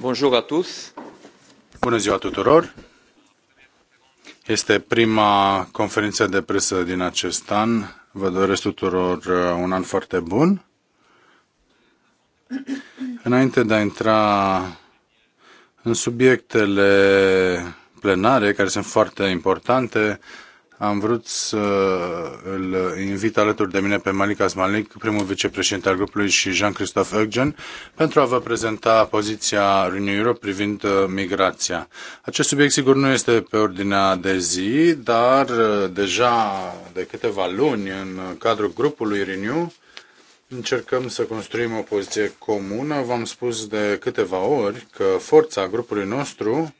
Bonjour à tous. Bună ziua tuturor. Este prima conferință de presă din acest an. Vă doresc tuturor uh, un an foarte bun. Înainte de a intra în subiectele plenare, care sunt foarte importante, am vrut să îl invit alături de mine pe Malik Asmalik, primul vicepreședinte al grupului și Jean-Christophe Eugen, pentru a vă prezenta poziția Renew Europe privind uh, migrația. Acest subiect sigur nu este pe ordinea de zi, dar uh, deja de câteva luni în cadrul grupului Renew încercăm să construim o poziție comună. V-am spus de câteva ori că forța grupului nostru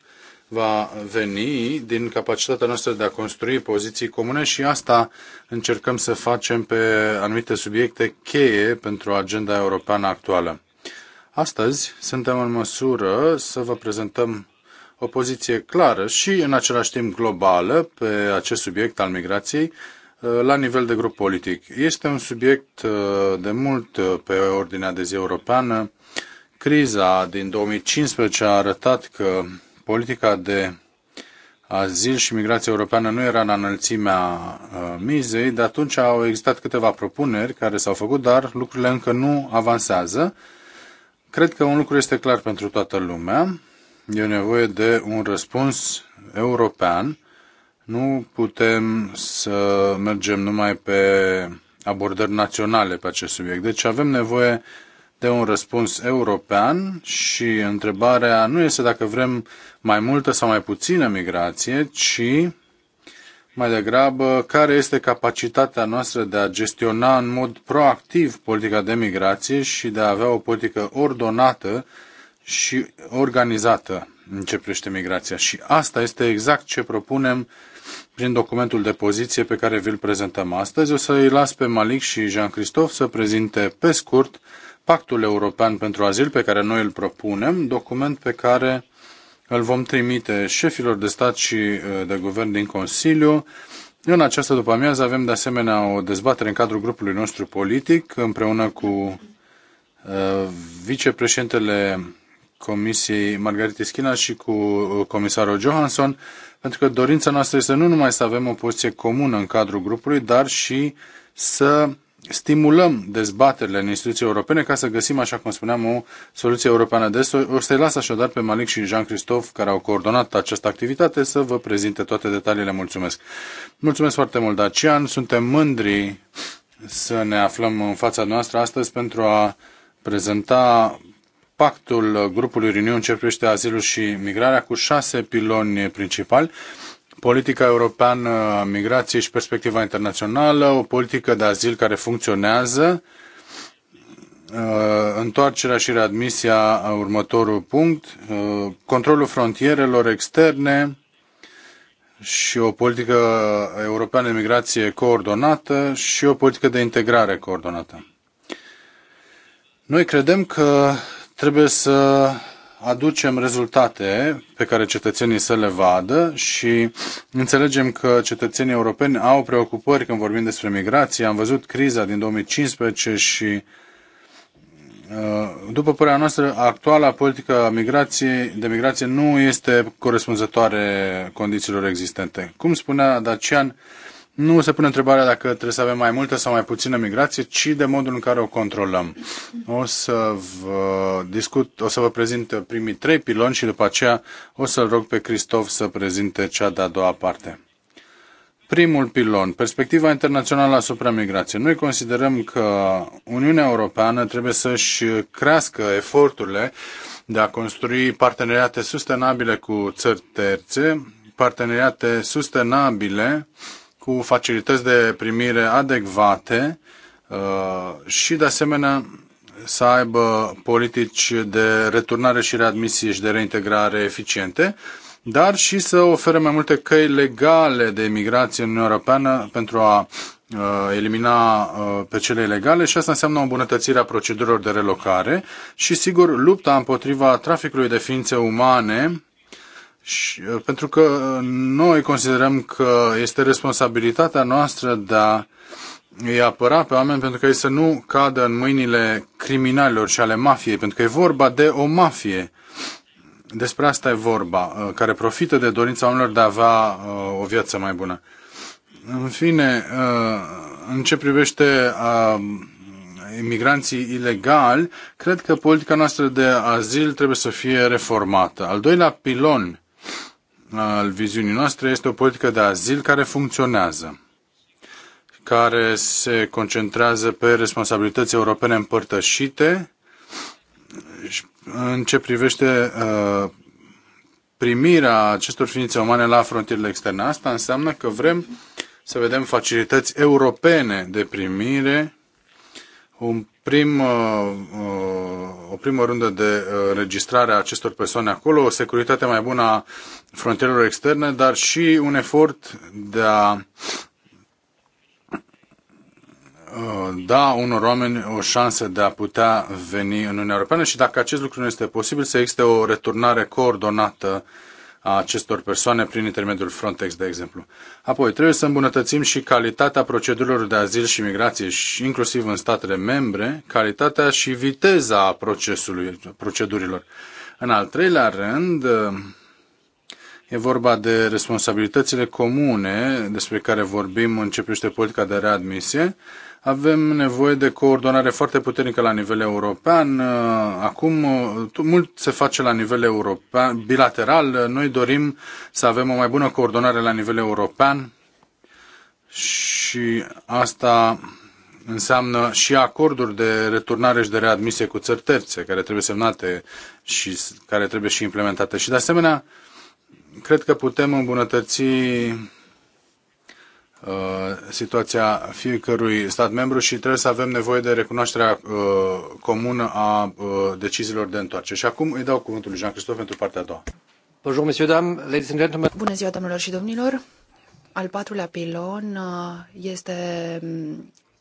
va veni din capacitatea noastră de a construi poziții comune și asta încercăm să facem pe anumite subiecte cheie pentru agenda europeană actuală. Astăzi suntem în măsură să vă prezentăm o poziție clară și în același timp globală pe acest subiect al migrației uh, la nivel de grup politic. Este un subiect uh, de mult uh, pe ordinea de zi europeană. Criza din 2015 a arătat că politica de azil și migrație europeană nu era în înălțimea uh, mizei, de atunci au existat câteva propuneri care s-au făcut, dar lucrurile încă nu avansează. Cred că un lucru este clar pentru toată lumea. E nevoie de un răspuns european. Nu putem să mergem numai pe abordări naționale pe acest subiect. Deci avem nevoie de un răspuns european și întrebarea nu este dacă vrem mai multă sau mai puțină migrație, ci mai degrabă care este capacitatea noastră de a gestiona în mod proactiv politica de migrație și de a avea o politică ordonată și organizată în ce privește migrația. Și asta este exact ce propunem prin documentul de poziție pe care vi-l prezentăm astăzi. O să-i las pe Malik și Jean-Christophe să prezinte pe scurt Pactul European pentru Azil pe care noi îl propunem, document pe care îl vom trimite șefilor de stat și uh, de guvern din Consiliu. În această după-amiază avem de asemenea o dezbatere în cadrul grupului nostru politic împreună cu uh, vicepreședintele Comisiei Margarita Schina și cu uh, comisarul Johansson, pentru că dorința noastră este nu numai să avem o poziție comună în cadrul grupului, dar și să stimulăm dezbaterile în instituții europene ca să găsim, așa cum spuneam, o soluție europeană. De o să-i las așadar pe Malik și Jean-Christophe, care au coordonat această activitate, să vă prezinte toate detaliile. Mulțumesc! Mulțumesc foarte mult, Dacian! Suntem mândri să ne aflăm în fața noastră astăzi pentru a prezenta pactul grupului Renew în ce privește azilul și migrarea cu șase piloni principali politica europeană a migrației și perspectiva internațională, o politică de azil care funcționează, uh, întoarcerea și readmisia, următorul punct, uh, controlul frontierelor externe și o politică europeană de migrație coordonată și o politică de integrare coordonată. Noi credem că trebuie să aducem rezultate pe care cetățenii să le vadă și înțelegem că cetățenii europeni au preocupări când vorbim despre migrație. Am văzut criza din 2015 și uh, după părerea noastră, actuala politică de migrație nu este corespunzătoare condițiilor existente. Cum spunea Dacian, nu se pune întrebarea dacă trebuie să avem mai multă sau mai puțină migrație, ci de modul în care o controlăm. O să vă discut, o să vă prezint primii trei piloni și după aceea o să-l rog pe Cristof să prezinte cea de-a doua parte. Primul pilon, perspectiva internațională asupra migrației. Noi considerăm că Uniunea Europeană trebuie să-și crească eforturile de a construi parteneriate sustenabile cu țări terțe, parteneriate sustenabile uh, cu facilități de primire adecvate uh, și, de asemenea, să aibă politici de returnare și readmisie și de reintegrare eficiente, dar și să ofere mai multe căi legale de emigrație în Uniunea Europeană pentru a uh, elimina uh, pe cele ilegale și asta înseamnă o îmbunătățire a procedurilor de relocare și, sigur, lupta împotriva traficului de ființe umane și, uh, pentru că noi considerăm că este responsabilitatea noastră de a îi apăra pe oameni pentru că ei să nu cadă în mâinile criminalilor și ale mafiei, pentru că e vorba de o mafie. Despre asta e vorba, uh, care profită de dorința oamenilor de a avea uh, o viață mai bună. În fine, în ce privește imigranții ilegali, cred că politica noastră de azil trebuie să fie reformată. Al doilea pilon al viziunii noastre este o politică de azil care funcționează, care se concentrează pe responsabilități europene împărtășite în ce privește uh, primirea acestor ființe umane la frontierele externe. Asta înseamnă că vrem să vedem facilități europene de primire, un prim uh, uh, o primă rundă de uh, înregistrare a acestor persoane acolo, o securitate mai bună a frontierelor externe, dar și un efort de a uh, da unor oameni o șansă de a putea veni în Uniunea Europeană și dacă acest lucru nu este posibil, să existe o returnare coordonată a acestor persoane prin intermediul Frontex, de exemplu. Apoi, trebuie să îmbunătățim și calitatea procedurilor de azil și migrație, și inclusiv în statele membre, calitatea și viteza procesului, procedurilor. În al treilea rând, e vorba de responsabilitățile comune despre care vorbim în ce privește politica de readmisie, avem nevoie de coordonare foarte puternică la nivel european. Acum mult se face la nivel european, bilateral. Noi dorim să avem o mai bună coordonare la nivel european și asta înseamnă și acorduri de returnare și de readmisie cu țări terțe, care trebuie semnate și care trebuie și implementate. Și de asemenea, cred că putem îmbunătăți Uh, situația fiecărui stat membru și trebuie să avem nevoie de recunoașterea uh, comună a uh, deciziilor de întoarcere. Și acum îi dau cuvântul lui Jean-Christophe pentru partea a doua. Bonjour, ladies and gentlemen. Bună ziua, domnilor și domnilor! Al patrulea pilon este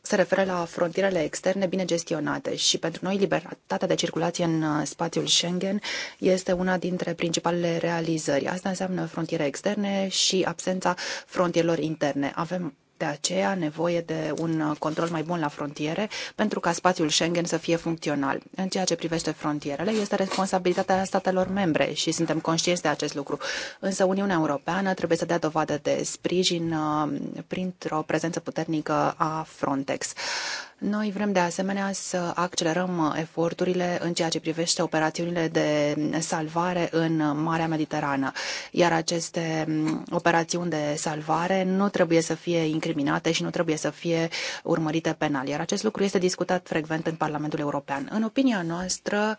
se referă la frontierele externe bine gestionate și pentru noi libertatea de circulație în uh, spațiul Schengen este una dintre principalele realizări. Asta înseamnă frontiere externe și absența frontierelor interne. Avem de aceea, nevoie de un uh, control mai bun la frontiere pentru ca spațiul Schengen să fie funcțional. În ceea ce privește frontierele, este responsabilitatea statelor membre și suntem conștienți de acest lucru. Însă Uniunea Europeană trebuie să dea dovadă de sprijin uh, printr-o prezență puternică a Frontex. Noi vrem de asemenea să accelerăm uh, eforturile în ceea ce privește operațiunile de salvare în Marea Mediterană, iar aceste mm, operațiuni de salvare nu trebuie să fie incriminate și nu trebuie să fie urmărite penal. Iar acest lucru este discutat frecvent în Parlamentul European. În opinia noastră,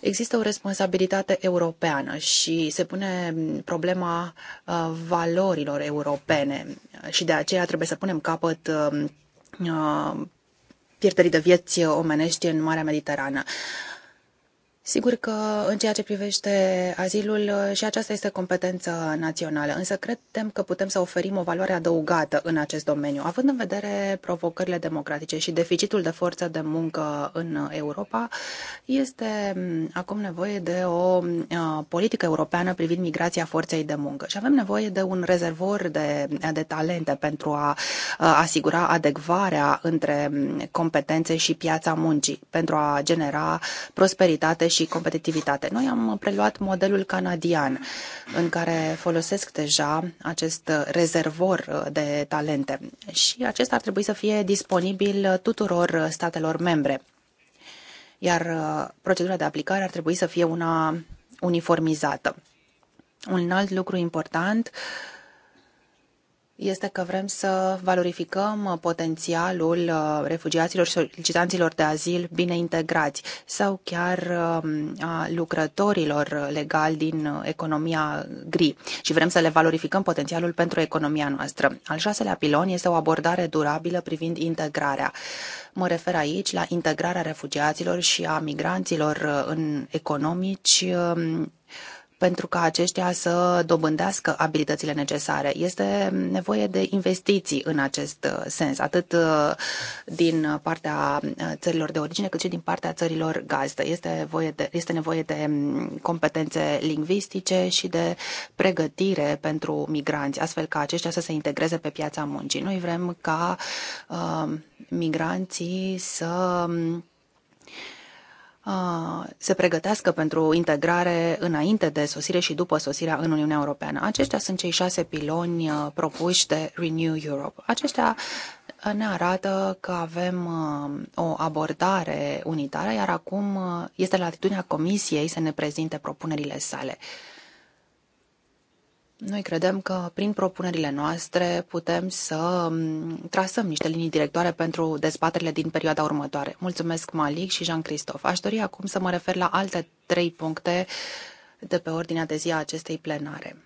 există o responsabilitate europeană și se pune problema uh, valorilor europene și de aceea trebuie să punem capăt uh, uh, pierderii de vieți omenești în Marea Mediterană. Sigur că în ceea ce privește azilul uh, și aceasta este competență națională, însă credem că putem să oferim o valoare adăugată în acest domeniu, având în vedere provocările democratice și deficitul de forță de muncă în Europa, este mm, acum nevoie de o uh, politică europeană privind migrația forței de muncă și avem nevoie de un rezervor de, de talente pentru a uh, asigura adecvarea între mm, competențe și piața muncii, pentru a genera prosperitate și competitivitate. Noi am preluat modelul canadian, în care folosesc deja acest rezervor uh, de talente și acesta ar trebui să fie disponibil tuturor statelor membre. Iar uh, procedura de aplicare ar trebui să fie una uniformizată. Un alt lucru important este că vrem să valorificăm uh, potențialul uh, refugiaților și solicitanților de azil bine integrați sau chiar um, a lucrătorilor legali din uh, economia gri și vrem să le valorificăm potențialul pentru economia noastră. Al șaselea pilon este o abordare durabilă privind integrarea. Mă refer aici la integrarea refugiaților și a migranților în economici um, pentru ca aceștia să dobândească abilitățile necesare. Este nevoie de investiții în acest uh, sens, atât uh, din partea uh, țărilor de origine, cât și din partea țărilor gazdă. Este nevoie de, este nevoie de mm, competențe lingvistice și de pregătire pentru migranți, astfel ca aceștia să se integreze pe piața muncii. Noi vrem ca uh, migranții să mm, se pregătească pentru integrare înainte de sosire și după sosirea în Uniunea Europeană. Aceștia sunt cei șase piloni propuși de Renew Europe. Aceștia ne arată că avem o abordare unitară, iar acum este la atitudinea Comisiei să ne prezinte propunerile sale. Noi credem că prin propunerile noastre putem să mm, trasăm niște linii directoare pentru dezbaterile din perioada următoare. Mulțumesc, Malik și Jean-Christophe. Aș dori acum să mă refer la alte trei puncte de pe ordinea de zi a acestei plenare.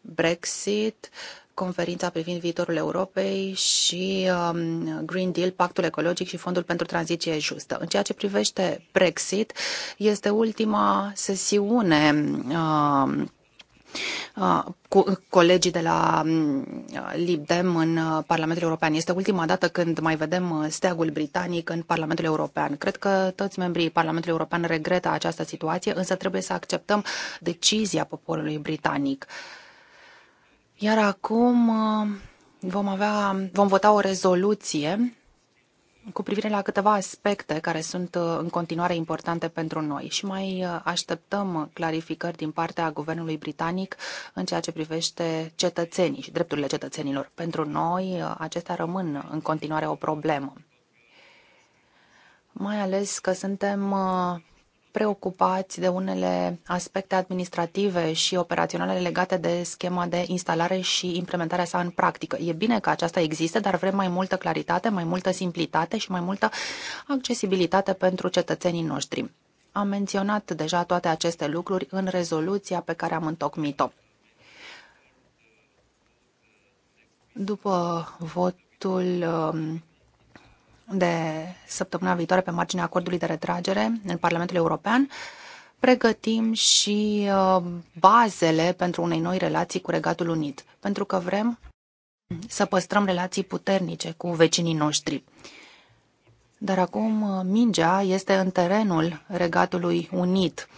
Brexit, conferința privind viitorul Europei și um, Green Deal, Pactul Ecologic și Fondul pentru Tranziție Justă. În ceea ce privește Brexit, este ultima sesiune um, Uh, cu colegii de la mm, Libdem în uh, Parlamentul European. Este ultima dată când mai vedem uh, steagul britanic în Parlamentul European. Cred că toți membrii Parlamentului European regretă această situație, însă trebuie să acceptăm decizia poporului britanic. Iar acum vom avea, vom vota o rezoluție cu privire la câteva aspecte care sunt uh, în continuare importante pentru noi și mai uh, așteptăm clarificări din partea guvernului britanic în ceea ce privește cetățenii și drepturile cetățenilor. Pentru noi uh, acestea rămân în continuare o problemă. Mai ales că suntem preocupați de unele aspecte administrative și operaționale legate de schema de instalare și implementarea sa în practică. E bine că aceasta există, dar vrem mai multă claritate, mai multă simplitate și mai multă accesibilitate pentru cetățenii noștri. Am menționat deja toate aceste lucruri în rezoluția pe care am întocmit-o. După votul um, de săptămâna viitoare pe marginea acordului de retragere în Parlamentul European, pregătim și uh, bazele pentru unei noi relații cu Regatul Unit, pentru că vrem să păstrăm relații puternice cu vecinii noștri. Dar acum uh, mingea este în terenul Regatului Unit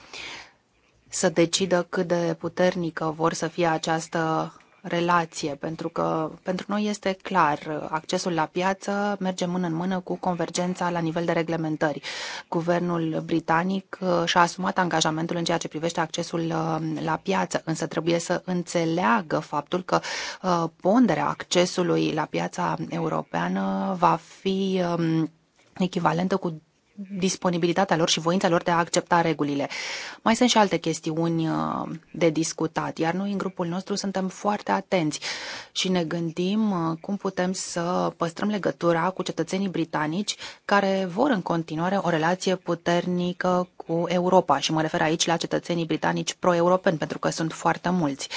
să decidă cât de puternică vor să fie această relație, pentru că pentru noi este clar, accesul la piață merge mână în mână cu convergența la nivel de reglementări. Guvernul britanic uh, și-a asumat angajamentul în ceea ce privește accesul uh, la piață, însă trebuie să înțeleagă faptul că uh, ponderea accesului la piața europeană va fi um, echivalentă cu disponibilitatea lor și voința lor de a accepta regulile. Mai sunt și alte chestiuni uh, de discutat, iar noi în grupul nostru suntem foarte atenți și ne gândim uh, cum putem să păstrăm legătura cu cetățenii britanici care vor în continuare o relație puternică cu Europa și mă refer aici la cetățenii britanici pro-europeni pentru că sunt foarte mulți.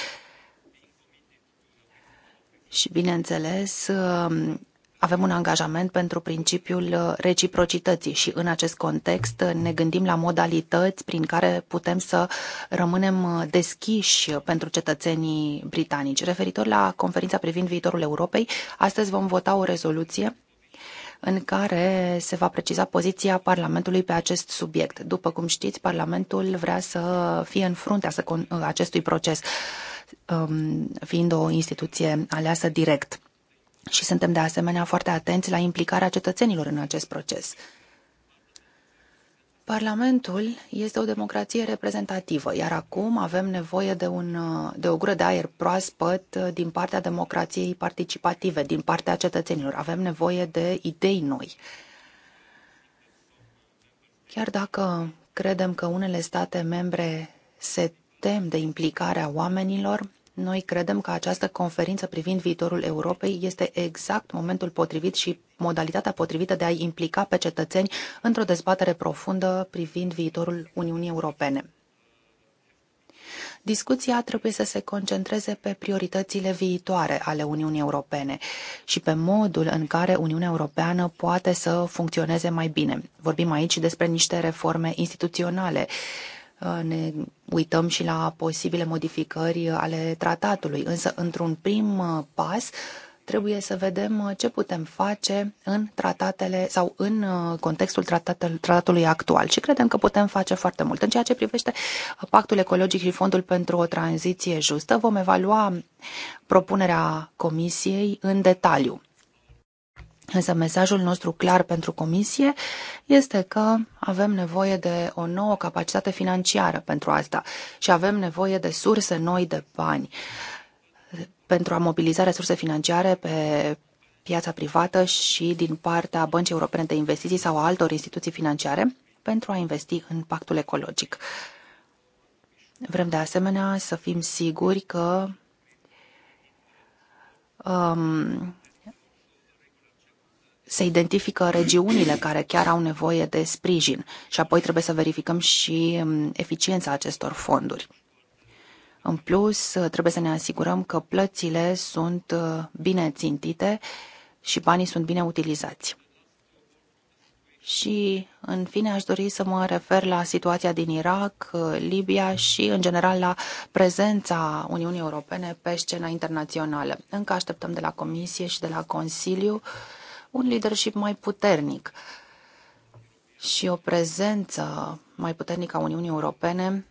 Și bineînțeles, uh, avem un angajament pentru principiul uh, reciprocității și în acest context uh, ne gândim la modalități prin care putem să rămânem uh, deschiși pentru cetățenii britanici. Referitor la conferința privind viitorul Europei, astăzi vom vota o rezoluție în care se va preciza poziția Parlamentului pe acest subiect. După cum știți, Parlamentul vrea să fie în fruntea acestui proces, um, fiind o instituție aleasă direct și suntem de asemenea foarte atenți la implicarea cetățenilor în acest proces. Parlamentul este o democrație reprezentativă, iar acum avem nevoie de, un, de o gură de aer proaspăt din partea democrației participative, din partea cetățenilor. Avem nevoie de idei noi. Chiar dacă credem că unele state membre se tem de implicarea oamenilor, noi credem că această conferință privind viitorul Europei este exact momentul potrivit și modalitatea potrivită de a-i implica pe cetățeni într-o dezbatere profundă privind viitorul Uniunii Europene. Discuția trebuie să se concentreze pe prioritățile viitoare ale Uniunii Europene și pe modul în care Uniunea Europeană poate să funcționeze mai bine. Vorbim aici despre niște reforme instituționale Uh, ne uităm și la posibile modificări ale tratatului, însă într-un prim uh, pas trebuie să vedem uh, ce putem face în tratatele sau în contextul tratatului actual și credem că putem face foarte mult. În ceea ce privește pactul ecologic și fondul pentru o tranziție justă, vom evalua propunerea comisiei în detaliu. Însă mesajul nostru clar pentru Comisie este că avem nevoie de o nouă capacitate financiară pentru asta și avem nevoie de surse noi de bani pentru a mobiliza resurse financiare pe piața privată și din partea Băncii Europene de Investiții sau a altor instituții financiare pentru a investi în pactul ecologic. Vrem de asemenea să fim siguri că um, se identifică regiunile care chiar au nevoie de sprijin și apoi trebuie să verificăm și mm, eficiența acestor fonduri. În plus, trebuie să ne asigurăm că plățile sunt uh, bine țintite și banii sunt bine utilizați. Și, în fine, aș dori să mă refer la situația din Irak, uh, Libia și, în general, la prezența Uniunii Europene pe scena internațională. Încă așteptăm de la Comisie și de la Consiliu uh, un leadership mai puternic și o prezență mai puternică a Uniunii Europene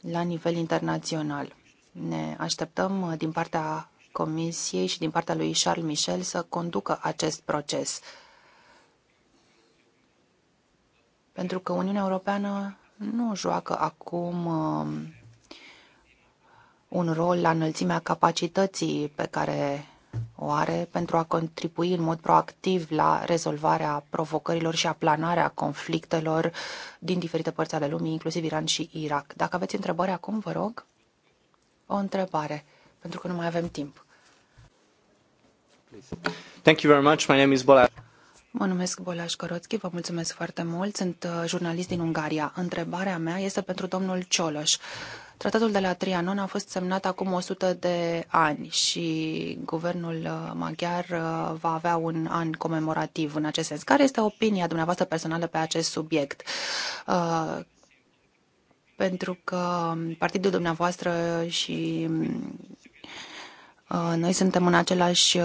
la nivel internațional. Ne așteptăm uh, din partea Comisiei și din partea lui Charles Michel să conducă acest proces. Pentru că Uniunea Europeană nu joacă acum um, un rol la înălțimea capacității pe care Oare pentru a contribui în mod proactiv la rezolvarea provocărilor și a planarea conflictelor din diferite părți ale lumii, inclusiv Iran și Irak? Dacă aveți întrebări acum, vă rog, o întrebare, pentru că nu mai avem timp. Thank you very much. My name is Bola. Mă numesc Bolaș Corotski, vă mulțumesc foarte mult. Sunt uh, jurnalist din Ungaria. Întrebarea mea este pentru domnul Cioloș. Tratatul de la Trianon a fost semnat acum 100 de ani și guvernul uh, maghiar uh, va avea un an comemorativ în acest sens. Care este opinia dumneavoastră personală pe acest subiect? Uh, pentru că um, partidul dumneavoastră și um, noi suntem în același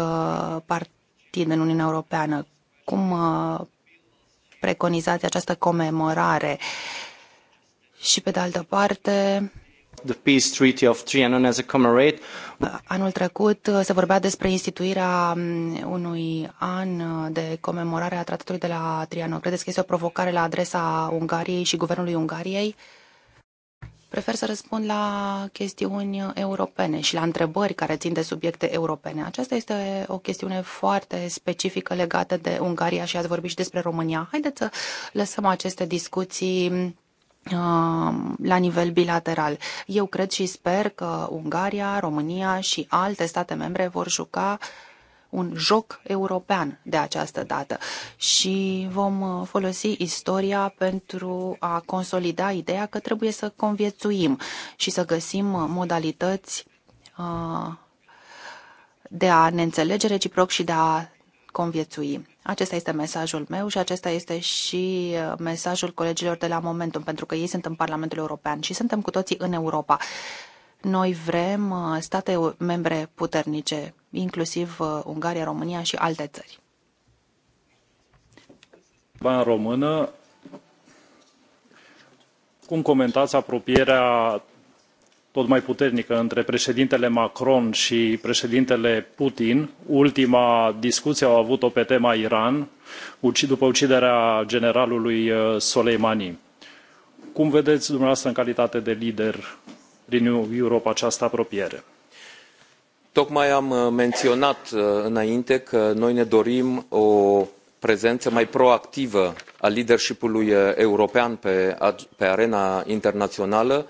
partid în Uniunea Europeană. Cum preconizați această comemorare? Și pe de altă parte, the Peace Treaty of Trianon as a Anul trecut uh, se vorbea despre instituirea um, unui an uh, de comemorare a tratatului de la Trianon. Credeți că este o provocare la adresa Ungariei și guvernului Ungariei? Prefer să răspund la chestiuni europene și la întrebări care țin de subiecte europene. Aceasta este o chestiune foarte specifică legată de Ungaria și ați vorbit și despre România. Haideți să lăsăm aceste discuții um, la nivel bilateral. Eu cred și sper că Ungaria, România și alte state membre vor juca un joc european de această dată și vom uh, folosi istoria pentru a consolida ideea că trebuie să conviețuim și să găsim uh, modalități uh, de a ne înțelege reciproc și de a conviețui. Acesta este mesajul meu și acesta este și uh, mesajul colegilor de la Momentum, pentru că ei sunt în Parlamentul European și suntem cu toții în Europa. Noi vrem uh, state uh, membre puternice, inclusiv Ungaria, România și alte țări. Ban română, cum comentați apropierea tot mai puternică între președintele macron și președintele putin ultima discuție au avut o pe tema iran după uciderea generalului uh, soleimani. cum vedeți dumneavoastră în calitate de lider din Europa această apropiere? tocmai am uh, menționat uh, înainte că noi ne dorim o prezență mai proactivă a leadership ului european pe, pe arena internațională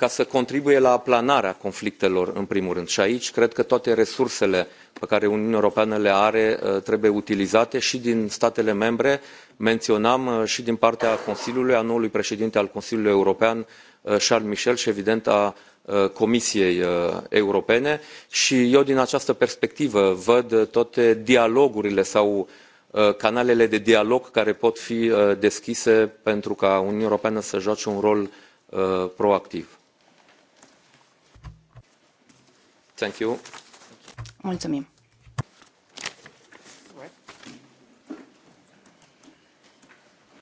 ca să contribuie la aplanarea conflictelor în primul rând și aici cred că toate resursele pe care uniunea europeană le are uh, trebuie utilizate și din statele membre menționam uh, și din partea consiliului a noului președinte al consiliului european uh, charles michel și evident a comisiei europene și eu din această perspectivă văd toate dialogurile sau canalele de dialog care pot fi deschise pentru ca uniunea europeană să joace un rol proactiv. Thank you. Mulțumim.